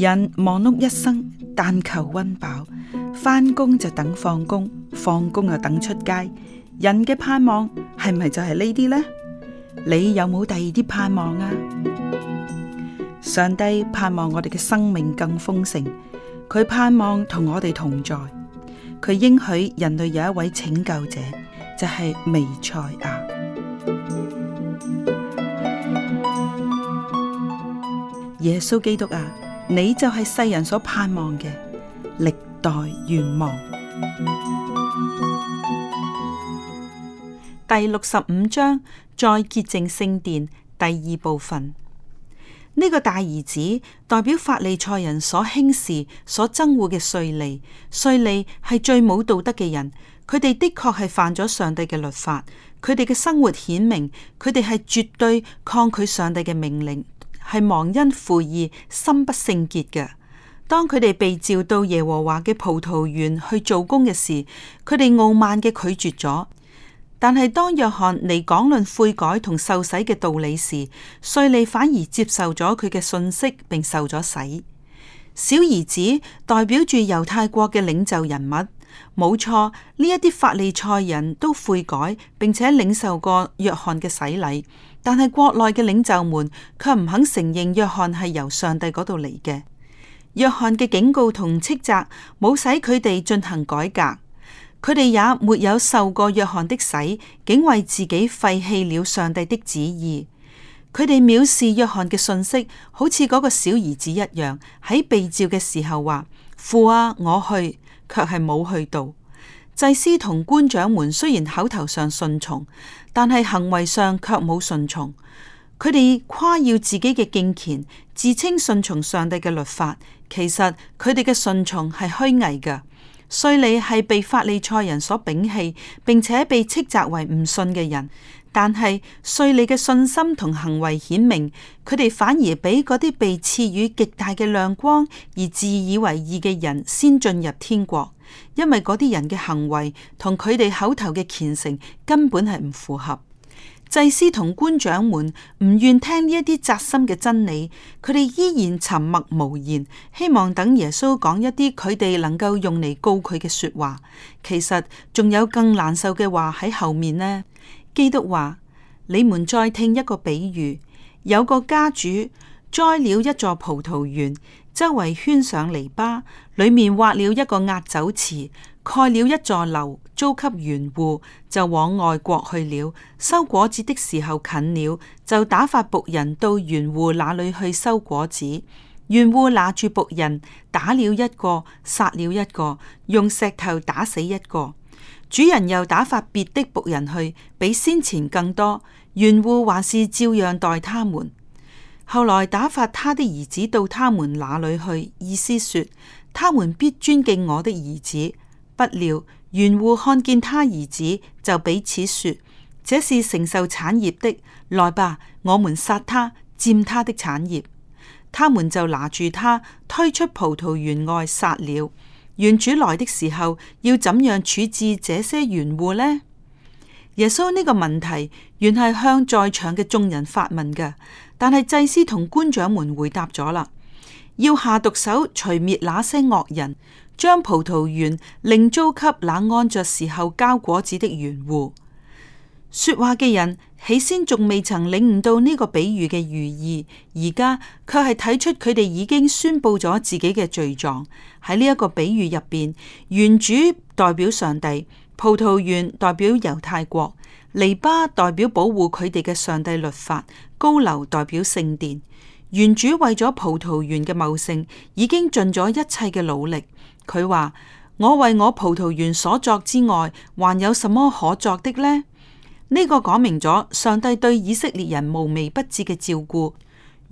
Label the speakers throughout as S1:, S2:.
S1: 人忙碌一生，但求溫飽，返工就等放工，放工又等出街。人嘅盼望係咪就係呢啲呢？你有冇第二啲盼望啊？上帝盼望我哋嘅生命更豐盛，佢盼望同我哋同在，佢應許人類有一位拯救者，就係彌賽亞，耶穌基督啊！你就係世人所盼望嘅歷代願望。第六十五章再潔淨聖殿第二部分。呢、這個大兒子代表法利賽人所輕視、所憎惡嘅稅吏。稅吏係最冇道德嘅人。佢哋的確係犯咗上帝嘅律法，佢哋嘅生活顯明佢哋係絕對抗拒上帝嘅命令。係忘恩負義、心不聖潔嘅。當佢哋被召到耶和華嘅葡萄園去做工嘅時，佢哋傲慢嘅拒絕咗。但係當約翰嚟講論悔改同受洗嘅道理時，稅吏反而接受咗佢嘅訊息，並受咗洗。小兒子代表住猶太國嘅領袖人物，冇錯。呢一啲法利賽人都悔改，並且領受過約翰嘅洗禮。但係國內嘅領袖們卻唔肯承認約翰係由上帝嗰度嚟嘅。約翰嘅警告同斥責冇使佢哋進行改革，佢哋也沒有受過約翰的洗，竟為自己廢棄了上帝的旨意。佢哋藐視約翰嘅信息，好似嗰個小兒子一樣，喺被召嘅時候話，父啊，我去，卻係冇去到。祭司同官長們雖然口頭上順從，但係行為上卻冇順從。佢哋誇耀自己嘅敬虔，自稱順從上帝嘅律法，其實佢哋嘅順從係虛偽嘅。稅吏係被法利賽人所摒棄，並且被斥責為唔信嘅人。但係稅吏嘅信心同行為顯明，佢哋反而比嗰啲被賜予極大嘅亮光而自以為義嘅人先進入天國。因為嗰啲人嘅行為同佢哋口頭嘅虔誠根本係唔符合，祭司同官長們唔願聽呢一啲扎心嘅真理，佢哋依然沉默無言，希望等耶穌講一啲佢哋能夠用嚟告佢嘅說話。其實仲有更難受嘅話喺後面呢。基督話：你們再聽一個比喻，有個家主栽了一座葡萄園。周圍圈上籬笆，裏面挖了一個壓酒池，蓋了一座樓，租給園戶，就往外國去了。收果子的時候近了，就打發僕人到園戶那裏去收果子。園戶拿住僕人，打了一個，殺了一個，用石頭打死一個。主人又打發別的僕人去，比先前更多。園戶還是照樣待他們。後來打發他的兒子到他們那裏去，意思說他們必尊敬我的兒子。不料園戶看見他兒子，就彼此說：這是承受產業的，來吧，我們殺他，占他的產業。他們就拿住他，推出葡萄園外殺了。原主來的時候，要怎樣處置這些園戶呢？耶穌呢個問題原係向在場嘅眾人發問嘅。但係祭司同官長們回答咗啦，要下毒手除滅那些惡人，將葡萄園另租給那按着時候交果子的園戶。說話嘅人起先仲未曾領悟到呢個比喻嘅寓意，而家卻係睇出佢哋已經宣布咗自己嘅罪狀。喺呢一個比喻入邊，原主代表上帝，葡萄園代表猶太國。籬笆代表保護佢哋嘅上帝律法，高樓代表聖殿。園主為咗葡萄園嘅茂盛，已經盡咗一切嘅努力。佢話：我為我葡萄園所作之外，還有什麼可作的呢？呢個講明咗上帝對以色列人無微不至嘅照顧。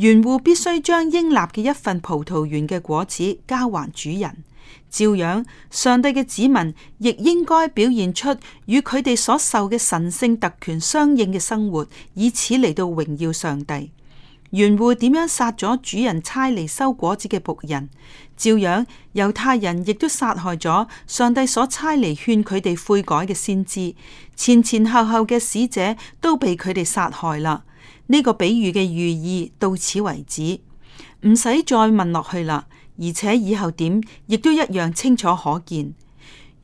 S1: 園戶必須將應納嘅一份葡萄園嘅果子交還主人，照樣上帝嘅子民亦應該表現出與佢哋所受嘅神聖特權相應嘅生活，以此嚟到榮耀上帝。園戶點樣殺咗主人差嚟收果子嘅僕人，照樣猶太人亦都殺害咗上帝所差嚟勸佢哋悔改嘅先知，前前後後嘅使者都被佢哋殺害啦。呢個比喻嘅寓意到此為止，唔使再問落去啦。而且以後點亦都一樣清楚可見。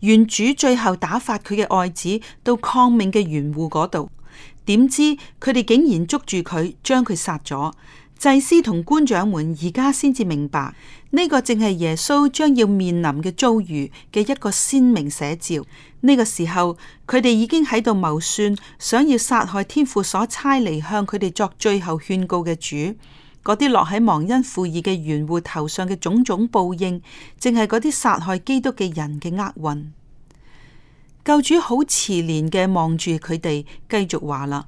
S1: 園主最後打發佢嘅愛子到抗命嘅園戶嗰度，點知佢哋竟然捉住佢，將佢殺咗。祭司同官長們而家先至明白呢、這個正係耶穌將要面臨嘅遭遇嘅一個鮮明寫照。呢、這個時候，佢哋已經喺度謀算，想要殺害天父所差嚟向佢哋作最後勸告嘅主。嗰啲落喺忘恩負義嘅園戶頭上嘅種種報應，正係嗰啲殺害基督嘅人嘅厄運。救主好慈憐嘅望住佢哋，繼續話啦，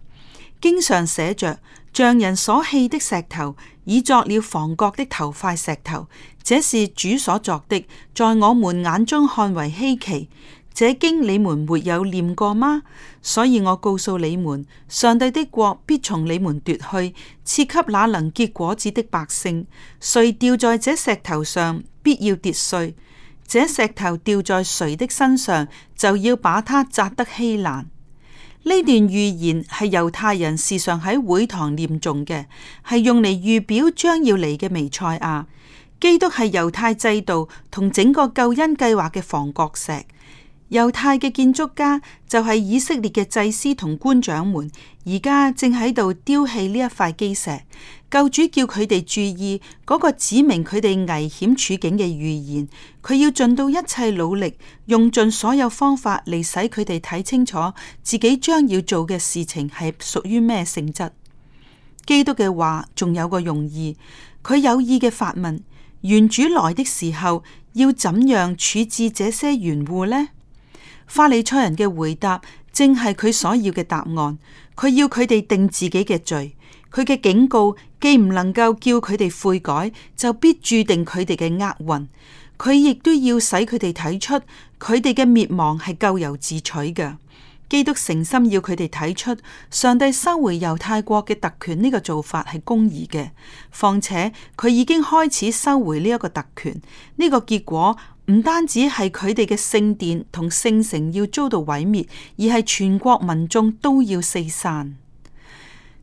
S1: 經常寫着。像人所棄的石頭，已作了房角的頭塊石頭。這是主所作的，在我們眼中看為稀奇。這經你們沒有念過嗎？所以我告訴你們，上帝的國必從你們奪去，賜給那能結果子的百姓。誰掉在這石頭上，必要跌碎；這石頭掉在誰的身上，就要把它砸得稀爛。呢段預言係猶太人時常喺會堂念誦嘅，係用嚟預表將要嚟嘅彌賽亞。基督係猶太制度同整個救恩計劃嘅房角石。猶太嘅建築家就係、是、以色列嘅祭司同官長們，而家正喺度丟棄呢一塊基石。舊主叫佢哋注意嗰、那個指明佢哋危險處境嘅預言。佢要盡到一切努力，用盡所有方法嚟使佢哋睇清楚自己將要做嘅事情係屬於咩性質。基督嘅話仲有個用意，佢有意嘅發問：園主來的時候要怎樣處置這些園戶呢？法利賽人嘅回答正係佢所要嘅答案，佢要佢哋定自己嘅罪，佢嘅警告既唔能夠叫佢哋悔改，就必注定佢哋嘅厄運。佢亦都要使佢哋睇出佢哋嘅滅亡係咎由自取嘅。基督誠心要佢哋睇出，上帝收回猶太國嘅特權呢個做法係公義嘅。況且佢已經開始收回呢一個特權，呢個結果。唔單止係佢哋嘅聖殿同聖城要遭到毀滅，而係全國民眾都要四散。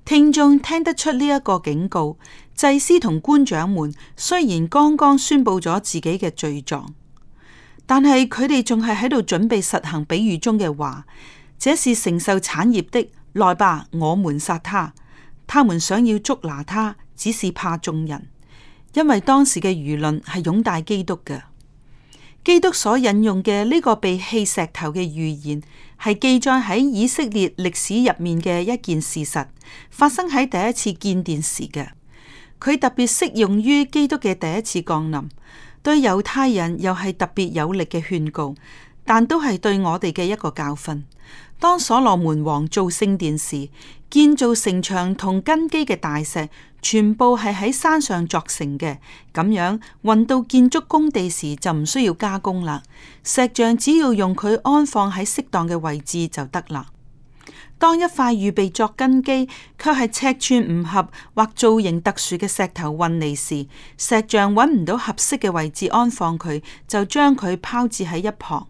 S1: 聽眾聽得出呢一個警告。祭司同官長們雖然剛剛宣佈咗自己嘅罪狀，但係佢哋仲係喺度準備實行比喻中嘅話。這是承受產業的，來吧，我們殺他。他們想要捉拿他，只是怕眾人，因為當時嘅輿論係擁戴基督嘅。基督所引用嘅呢個被棄石頭嘅預言，係記載喺以色列歷史入面嘅一件事實，發生喺第一次建殿時嘅。佢特別適用於基督嘅第一次降臨，對猶太人又係特別有力嘅勸告。但都係對我哋嘅一個教訓。當所羅門王造聖殿時，建造城牆同根基嘅大石全部係喺山上作成嘅，咁樣運到建築工地時就唔需要加工啦。石像只要用佢安放喺適當嘅位置就得啦。當一塊預備作根基，卻係尺寸唔合或造型特殊嘅石頭運嚟時，石像搵唔到合適嘅位置安放佢，就將佢拋置喺一旁。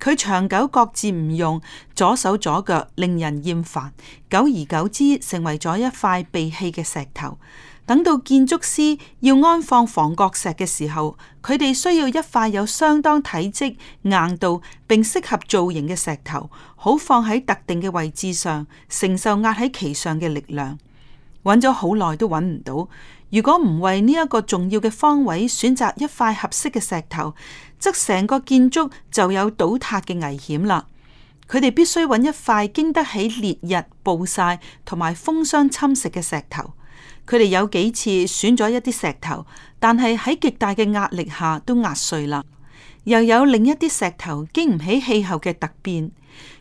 S1: 佢長久各自唔用左手左腳，令人厭煩。久而久之，成為咗一塊被棄嘅石頭。等到建築師要安放房角石嘅時候，佢哋需要一塊有相當體積、硬度，並適合造型嘅石頭，好放喺特定嘅位置上，承受壓喺其上嘅力量。揾咗好耐都揾唔到。如果唔為呢一個重要嘅方位選擇一塊合適嘅石頭，則成個建築就有倒塌嘅危險啦。佢哋必須揾一塊經得起烈日暴曬同埋風霜侵蝕嘅石頭。佢哋有幾次選咗一啲石頭，但係喺極大嘅壓力下都壓碎啦。又有另一啲石頭經唔起氣候嘅突變。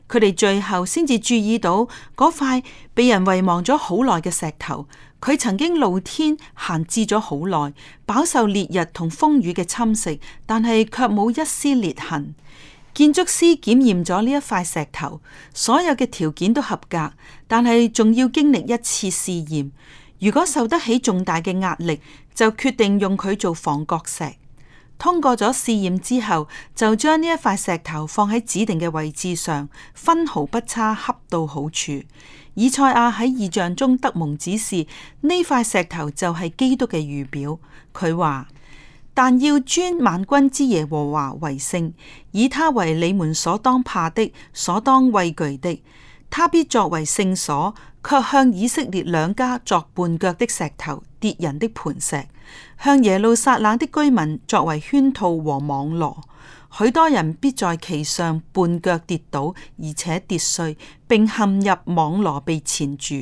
S1: 佢哋最後先至注意到嗰塊被人遺忘咗好耐嘅石頭。佢曾經露天閒置咗好耐，飽受烈日同風雨嘅侵蝕，但係卻冇一絲裂痕。建築師檢驗咗呢一塊石頭，所有嘅條件都合格，但係仲要經歷一次試驗。如果受得起重大嘅壓力，就決定用佢做房角石。通過咗試驗之後，就將呢一塊石頭放喺指定嘅位置上，分毫不差，恰到好處。以賽亞喺異象中得蒙指示，呢塊石頭就係基督嘅預表。佢話：但要尊萬軍之耶和華為聖，以他為你們所當怕的、所當畏懼的。他必作為聖所，卻向以色列兩家作絆腳的石頭、跌人的磐石，向耶路撒冷的居民作為圈套和網羅。許多人必在其上絆腳跌倒，而且跌碎，並陷入網羅被纏住。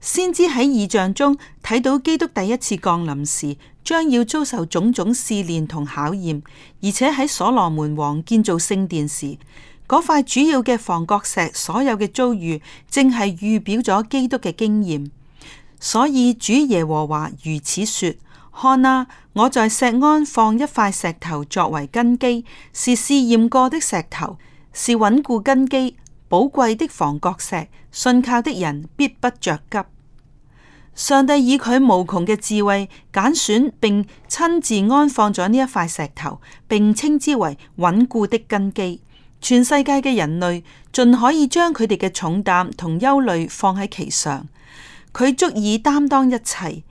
S1: 先知喺異象中睇到基督第一次降臨時，將要遭受種種試煉同考驗，而且喺所羅門王建造聖殿時，嗰塊主要嘅房角石所有嘅遭遇，正係預表咗基督嘅經驗。所以主耶和華如此說。看啊！我在錫安放一塊石頭作為根基，是試驗過的石頭，是穩固根基、寶貴的房角石。信靠的人必不着急。上帝以佢無窮嘅智慧揀選並親自安放咗呢一塊石頭，並稱之為穩固的根基。全世界嘅人類盡可以將佢哋嘅重擔同憂慮放喺其上，佢足以擔當一切。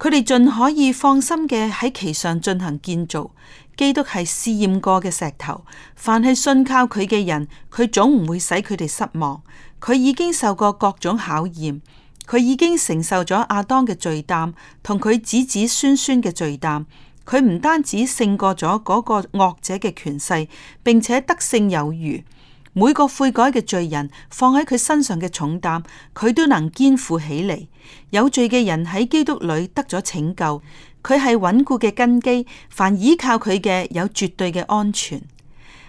S1: 佢哋盡可以放心嘅喺其上進行建造，基督係試驗過嘅石頭，凡係信靠佢嘅人，佢總唔會使佢哋失望。佢已經受過各種考驗，佢已經承受咗亞當嘅罪擔同佢子子孫孫嘅罪擔。佢唔單止勝過咗嗰個惡者嘅權勢，並且得勝有餘。每個悔改嘅罪人放喺佢身上嘅重擔，佢都能肩負起嚟。有罪嘅人喺基督裏得咗拯救，佢係穩固嘅根基，凡依靠佢嘅有絕對嘅安全。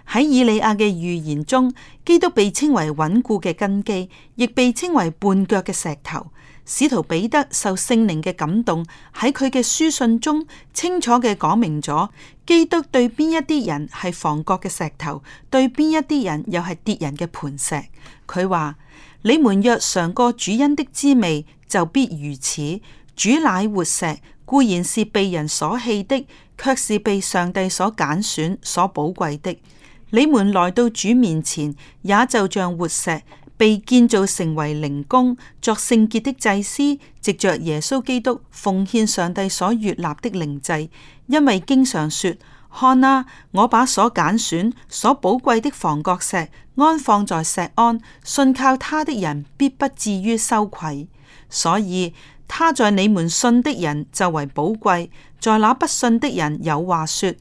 S1: 喺以利亞嘅預言中，基督被稱為穩固嘅根基，亦被稱為絆腳嘅石頭。使徒彼得受聖靈嘅感動，喺佢嘅書信中清楚嘅講明咗基督對邊一啲人係房角嘅石頭，對邊一啲人又係跌人嘅磐石。佢話：你們若嘗過主恩的滋味，就必如此。主乃活石，固然是被人所棄的，却是被上帝所揀選、所寶貴的。你們來到主面前，也就像活石，被建造成為靈宮，作聖潔的祭司，藉着耶穌基督奉獻上帝所悦納的靈祭。因為經常說。看啦、啊，我把所揀選、所寶貴的房角石安放在石安，信靠他的人必不至於羞愧。所以他在你們信的人就為寶貴，在那不信的人有話說：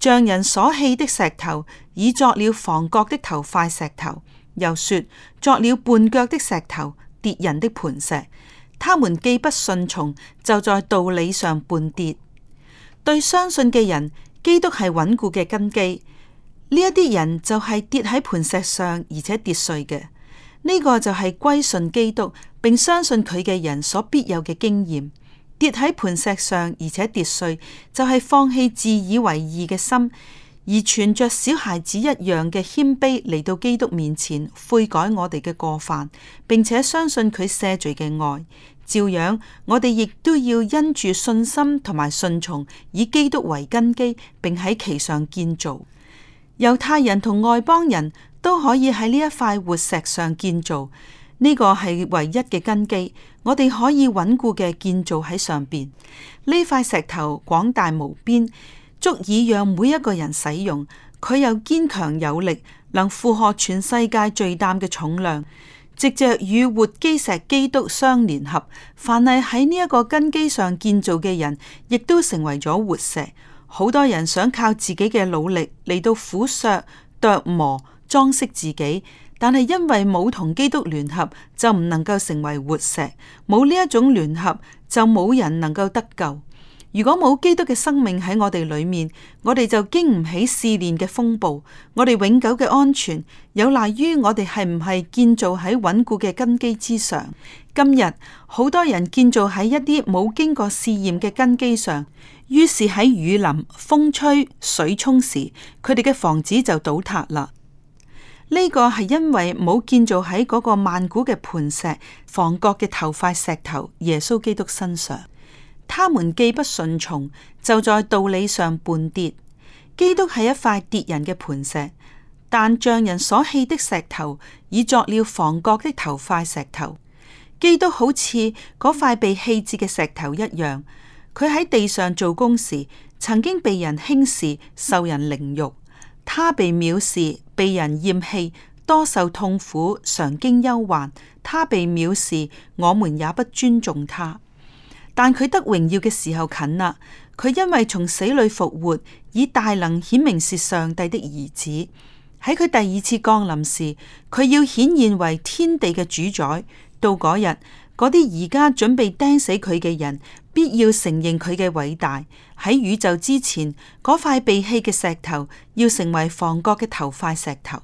S1: 像人所棄的石頭，已作了房角的頭塊石頭，又說作了絆腳的石頭，跌人的磐石。他們既不順從，就在道理上絆跌。對相信嘅人。基督係穩固嘅根基，呢一啲人就係跌喺磐石上而且跌碎嘅，呢、這個就係歸信基督並相信佢嘅人所必有嘅經驗。跌喺磐石上而且跌碎，就係、是、放棄自以為義嘅心，而存着小孩子一樣嘅謙卑嚟到基督面前悔改我哋嘅過犯，並且相信佢赦罪嘅愛。照樣，我哋亦都要因住信心同埋信從，以基督為根基，並喺其上建造。猶太人同外邦人都可以喺呢一塊活石上建造，呢、呢個係唯一嘅根基，我哋可以穩固嘅建造喺上邊。呢塊石頭廣大無邊，足以讓每一個人使用。佢又堅強有力，能負荷全世界最擔嘅重量。藉着與活基石基督相聯合，凡係喺呢一個根基上建造嘅人，亦都成為咗活石。好多人想靠自己嘅努力嚟到斧削、琢磨、裝飾自己，但係因為冇同基督聯合，就唔能夠成為活石。冇呢一種聯合，就冇人能夠得救。如果冇基督嘅生命喺我哋裏面，我哋就經唔起試煉嘅風暴。我哋永久嘅安全有賴於我哋係唔係建造喺穩固嘅根基之上。今日好多人建造喺一啲冇經過試驗嘅根基上，於是喺雨淋、風吹、水沖時，佢哋嘅房子就倒塌啦。呢個係因為冇建造喺嗰個萬古嘅磐石、房角嘅頭塊石頭耶穌基督身上。他們既不順從，就在道理上絆跌。基督係一塊跌人嘅磐石，但匠人所棄的石頭，已作了房角的頭塊石頭。基督好似嗰塊被棄置嘅石頭一樣，佢喺地上做工時，曾經被人輕視、受人凌辱，他被藐視、被人厭棄，多受痛苦、常經憂患。他被藐視，我們也不尊重他。但佢得榮耀嘅時候近啦，佢因為從死裏復活，以大能顯明是上帝的兒子。喺佢第二次降臨時，佢要顯現為天地嘅主宰。到嗰日，嗰啲而家準備釘死佢嘅人，必要承認佢嘅偉大。喺宇宙之前，嗰塊被棄嘅石頭要成為房角嘅頭塊石頭。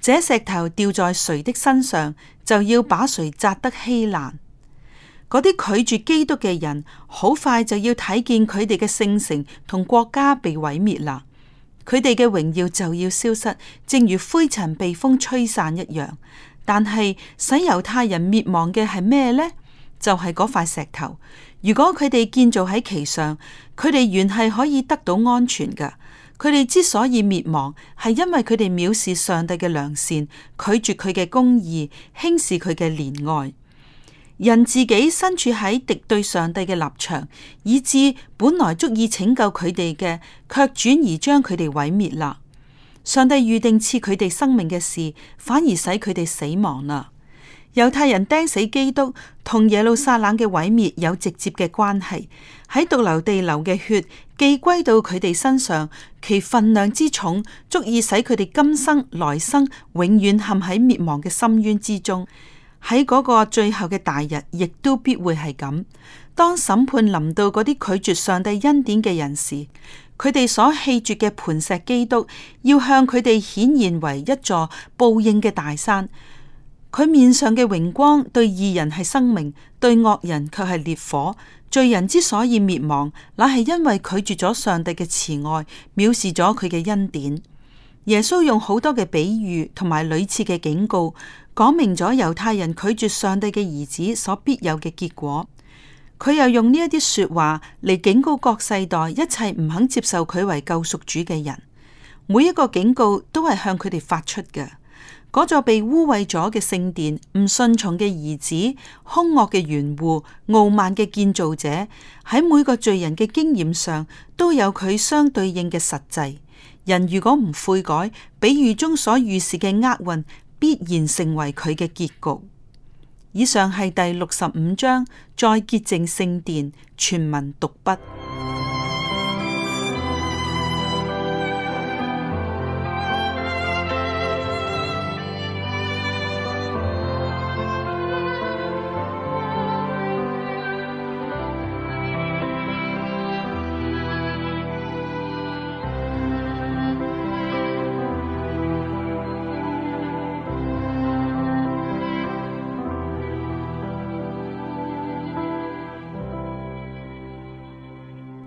S1: 這石頭掉在誰的身上，就要把誰砸得稀爛。嗰啲拒絕基督嘅人，好快就要睇見佢哋嘅聖城同國家被毀滅啦，佢哋嘅榮耀就要消失，正如灰塵被風吹散一樣。但係使猶太人滅亡嘅係咩呢？就係嗰塊石頭。如果佢哋建造喺其上，佢哋原係可以得到安全㗎。佢哋之所以滅亡，係因為佢哋藐視上帝嘅良善，拒絕佢嘅公義，輕視佢嘅憐愛。人自己身處喺敵對上帝嘅立場，以致本來足以拯救佢哋嘅，卻轉而將佢哋毀滅啦。上帝預定賜佢哋生命嘅事，反而使佢哋死亡啦。猶太人釘死基督，同耶路撒冷嘅毀滅有直接嘅關係。喺髑髏地流嘅血，既歸到佢哋身上，其份量之重，足以使佢哋今生來生永遠陷喺滅亡嘅深淵之中。喺嗰個最後嘅大日，亦都必會係咁。當審判臨到嗰啲拒絕上帝恩典嘅人時，佢哋所棄絕嘅磐石基督，要向佢哋顯現為一座報應嘅大山。佢面上嘅榮光對義人係生命，對惡人卻係烈火。罪人之所以滅亡，乃係因為拒絕咗上帝嘅慈愛，藐視咗佢嘅恩典。耶穌用好多嘅比喻同埋屢次嘅警告。講明咗猶太人拒絕上帝嘅兒子所必有嘅結果，佢又用呢一啲說話嚟，警告各世代一切唔肯接受佢為救贖主嘅人。每一個警告都係向佢哋發出嘅。嗰座被污穢咗嘅聖殿，唔順從嘅兒子，凶惡嘅園戶，傲慢嘅建造者，喺每個罪人嘅經驗上都有佢相對應嘅實際。人如果唔悔改，比喻中所預示嘅厄運必然成為佢嘅結局。以上係第六十五章，再潔淨聖殿，全文讀畢。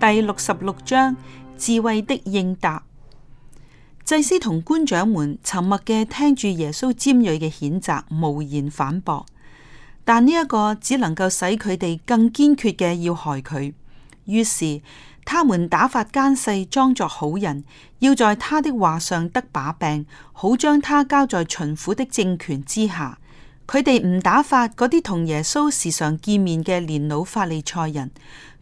S1: 第六十六章智慧的應答。祭司同官長們沉默嘅聽住耶穌尖銳嘅譴責，無言反駁。但呢一個只能夠使佢哋更堅決嘅要害佢。於是，他們打發奸細裝作好人，要在他的話上得把柄，好將他交在巡撫的政權之下。佢哋唔打發嗰啲同耶穌時常見面嘅年老法利賽人。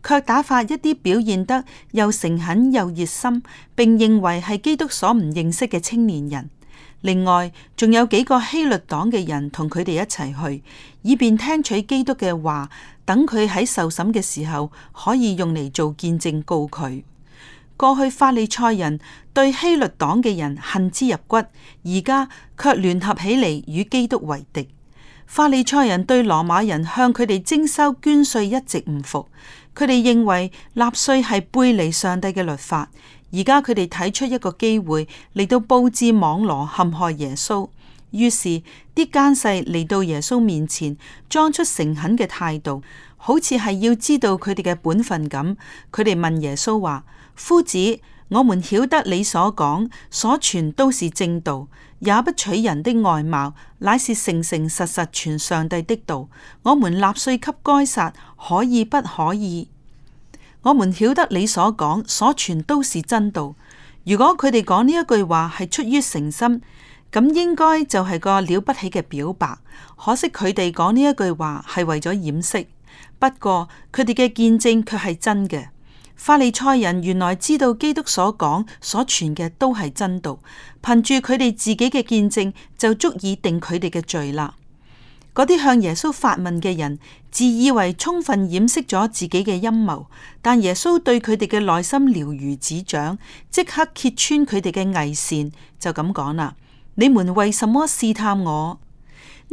S1: 卻打發一啲表現得又誠懇又熱心，並認為係基督所唔認識嘅青年人。另外，仲有幾個希律黨嘅人同佢哋一齊去，以便聽取基督嘅話，等佢喺受審嘅時候，可以用嚟做見證告佢。過去法利賽人對希律黨嘅人恨之入骨，而家卻聯合起嚟與基督為敵。法利賽人對羅馬人向佢哋徵收捐稅一直唔服。佢哋認為納稅係背離上帝嘅律法，而家佢哋睇出一個機會嚟到布置網羅陷害耶穌，於是啲奸細嚟到耶穌面前，裝出誠懇嘅態度，好似係要知道佢哋嘅本分咁。佢哋問耶穌話：「夫子，我們曉得你所講所傳都是正道。也不取人的外貌，乃是誠誠實實傳上帝的道。我們納稅給該撒，可以不可以？我們曉得你所講所傳都是真道。如果佢哋講呢一句話係出於誠心，咁應該就係個了不起嘅表白。可惜佢哋講呢一句話係為咗掩飾，不過佢哋嘅見證卻係真嘅。法利賽人原來知道基督所講所傳嘅都係真道，憑住佢哋自己嘅見證就足以定佢哋嘅罪啦。嗰啲向耶穌發問嘅人，自以為充分掩飾咗自己嘅陰謀，但耶穌對佢哋嘅內心了如指掌，即刻揭穿佢哋嘅偽善，就咁講啦。你們為什麼試探我？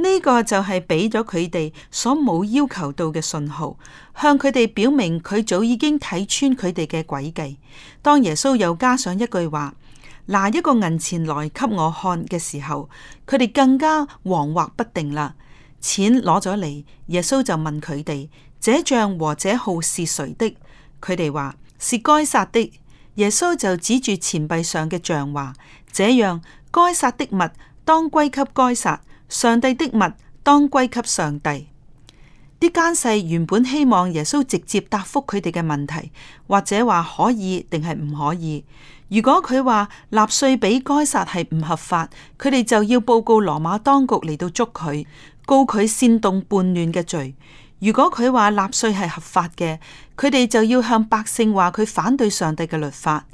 S1: 呢個就係俾咗佢哋所冇要求到嘅信號，向佢哋表明佢早已經睇穿佢哋嘅詭計。當耶穌又加上一句話，拿一個銀錢來給我看嘅時候，佢哋更加惶惑不定啦。錢攞咗嚟，耶穌就問佢哋：這像和這號是誰的？佢哋話是該殺的。耶穌就指住錢幣上嘅像話：這樣該殺的物當歸給該殺。上帝的物當歸給上帝。啲奸細原本希望耶穌直接答覆佢哋嘅問題，或者話可以定係唔可以。如果佢話納稅俾該撒係唔合法，佢哋就要報告羅馬當局嚟到捉佢，告佢煽動叛亂嘅罪。如果佢話納稅係合法嘅，佢哋就要向百姓話佢反對上帝嘅律法。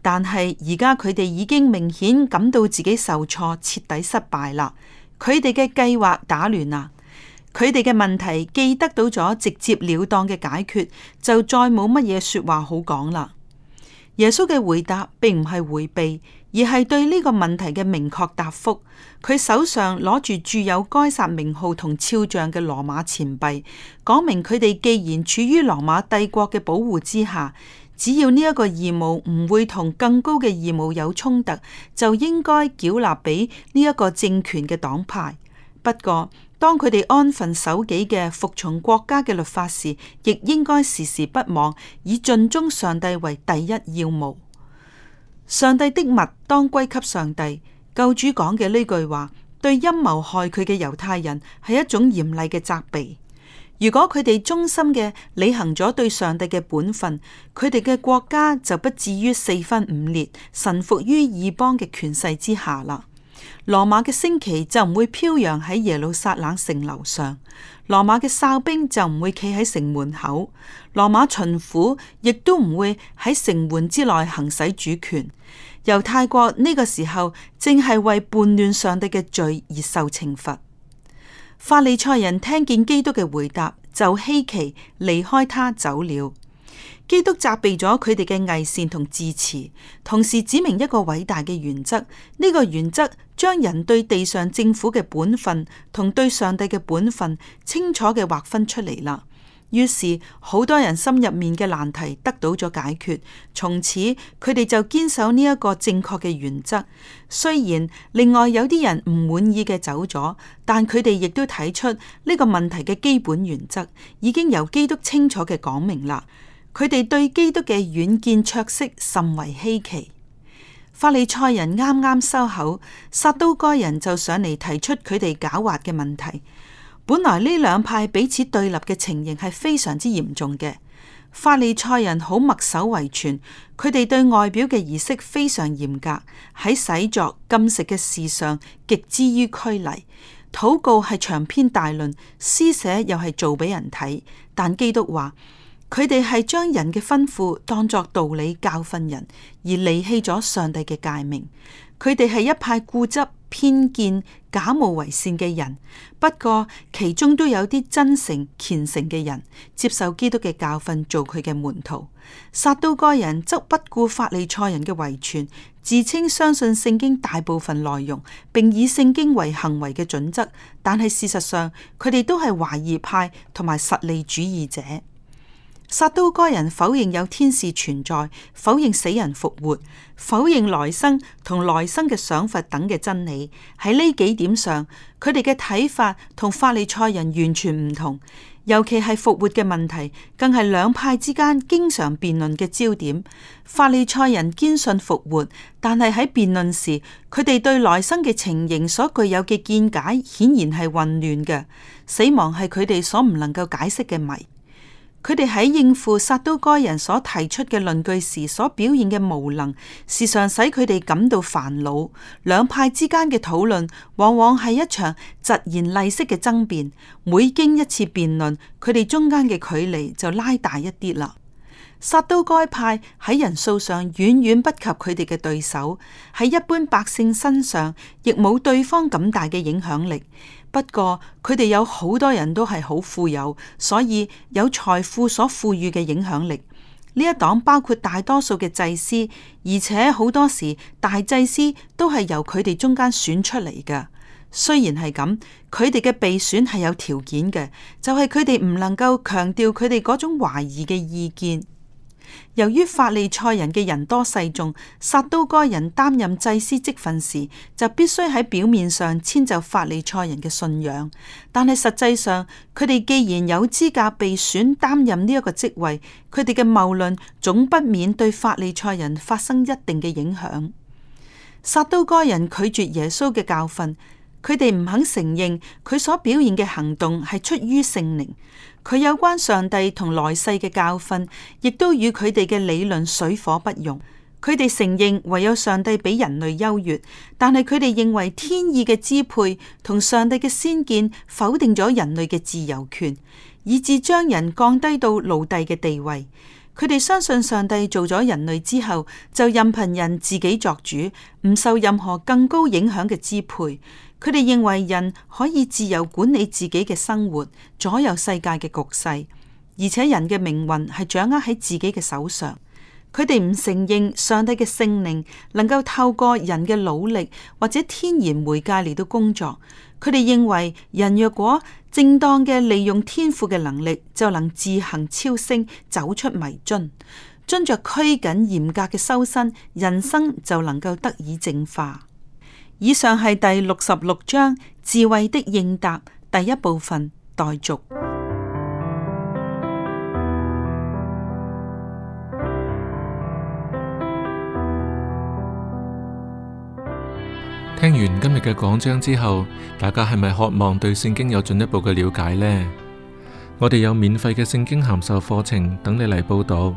S1: 但係而家佢哋已經明顯感到自己受挫，徹底失敗啦。佢哋嘅計劃打亂啦，佢哋嘅問題既得到咗直接了當嘅解決，就再冇乜嘢說話好講啦。耶穌嘅回答並唔係回避，而係對呢個問題嘅明確答覆。佢手上攞住注有該撒名號同肖像嘅羅馬錢幣，講明佢哋既然處於羅馬帝國嘅保護之下。只要呢一個義務唔會同更高嘅義務有衝突，就應該繳納俾呢一個政權嘅黨派。不過，當佢哋安分守己嘅服從國家嘅律法時，亦應該時時不忘以盡忠上帝為第一要務。上帝的物當歸給上帝。救主講嘅呢句話，對陰謀害佢嘅猶太人係一種嚴厲嘅責備。如果佢哋忠心嘅履行咗對上帝嘅本分，佢哋嘅國家就不至於四分五裂，臣服於異邦嘅權勢之下啦。羅馬嘅升旗就唔會飄揚喺耶路撒冷城樓上，羅馬嘅哨兵就唔會企喺城門口，羅馬巡撫亦都唔會喺城門之內行使主權。猶太國呢個時候正係為叛亂上帝嘅罪而受懲罰。法利賽人聽見基督嘅回答，就稀奇，離開他走了。基督責備咗佢哋嘅偽善同自持，同時指明一個偉大嘅原則。呢、這個原則將人對地上政府嘅本分同對上帝嘅本分清楚嘅劃分出嚟啦。於是好多人心入面嘅難題得到咗解決，從此佢哋就堅守呢一個正確嘅原則。雖然另外有啲人唔滿意嘅走咗，但佢哋亦都睇出呢個問題嘅基本原則已經由基督清楚嘅講明啦。佢哋對基督嘅遠見卓識甚為稀奇。法利賽人啱啱收口，撒都該人就上嚟提出佢哋狡猾嘅問題。本來呢兩派彼此對立嘅情形係非常之嚴重嘅。法利賽人好墨守遺傳，佢哋對外表嘅儀式非常嚴格，喺洗濯、禁食嘅事上極之於拘泥。禱告係長篇大論，施捨又係做俾人睇。但基督話佢哋係將人嘅吩咐當作道理教訓人，而離棄咗上帝嘅誡命。佢哋係一派固執偏見、假冒為善嘅人，不過其中都有啲真誠、虔誠嘅人接受基督嘅教訓，做佢嘅門徒。撒都該人則不顧法利賽人嘅遺傳，自稱相信聖經大部分內容，並以聖經為行為嘅準則，但係事實上佢哋都係懷疑派同埋實利主義者。撒都該人否認有天使存在，否認死人復活，否認來生同來生嘅想法等嘅真理。喺呢幾點上，佢哋嘅睇法同法利賽人完全唔同。尤其係復活嘅問題，更係兩派之間經常辯論嘅焦點。法利賽人堅信復活，但係喺辯論時，佢哋對來生嘅情形所具有嘅見解，顯然係混亂嘅。死亡係佢哋所唔能夠解釋嘅謎。佢哋喺應付薩都該人所提出嘅論據時，所表現嘅無能，事實使佢哋感到煩惱。兩派之間嘅討論，往往係一場疾言厲色嘅爭辯。每經一次辯論，佢哋中間嘅距離就拉大一啲啦。薩都該派喺人數上遠遠不及佢哋嘅對手，喺一般百姓身上亦冇對方咁大嘅影響力。不過，佢哋有好多人都係好富有，所以有財富所賦予嘅影響力。呢一黨包括大多數嘅祭司，而且好多時大祭司都係由佢哋中間選出嚟嘅。雖然係咁，佢哋嘅被選係有條件嘅，就係佢哋唔能夠強調佢哋嗰種懷疑嘅意見。由於法利賽人嘅人多勢眾，撒都該人擔任祭司職份時，就必須喺表面上遷就法利賽人嘅信仰，但係實際上佢哋既然有資格被選擔任呢一個職位，佢哋嘅謬論總不免對法利賽人發生一定嘅影響。撒都該人拒絕耶穌嘅教訓，佢哋唔肯承認佢所表現嘅行動係出於聖靈。佢有關上帝同來世嘅教訓，亦都與佢哋嘅理論水火不容。佢哋承認唯有上帝比人類優越，但係佢哋認為天意嘅支配同上帝嘅先見否定咗人類嘅自由權，以致將人降低到奴隸嘅地位。佢哋相信上帝做咗人類之後，就任憑人自己作主，唔受任何更高影響嘅支配。佢哋認為人可以自由管理自己嘅生活、左右世界嘅局勢，而且人嘅命運係掌握喺自己嘅手上。佢哋唔承認上帝嘅聖靈能夠透過人嘅努力或者天然媒介嚟到工作。佢哋認為人若果正當嘅利用天賦嘅能力，就能自行超升，走出迷津。遵着拘謹嚴格嘅修身，人生就能夠得以淨化。以上係第六十六章智慧的應答第一部分，待續。聽完今日嘅講章之後，大家係咪渴望對聖經有進一步嘅了解呢？我哋有免費嘅聖經函授課程等你嚟報導。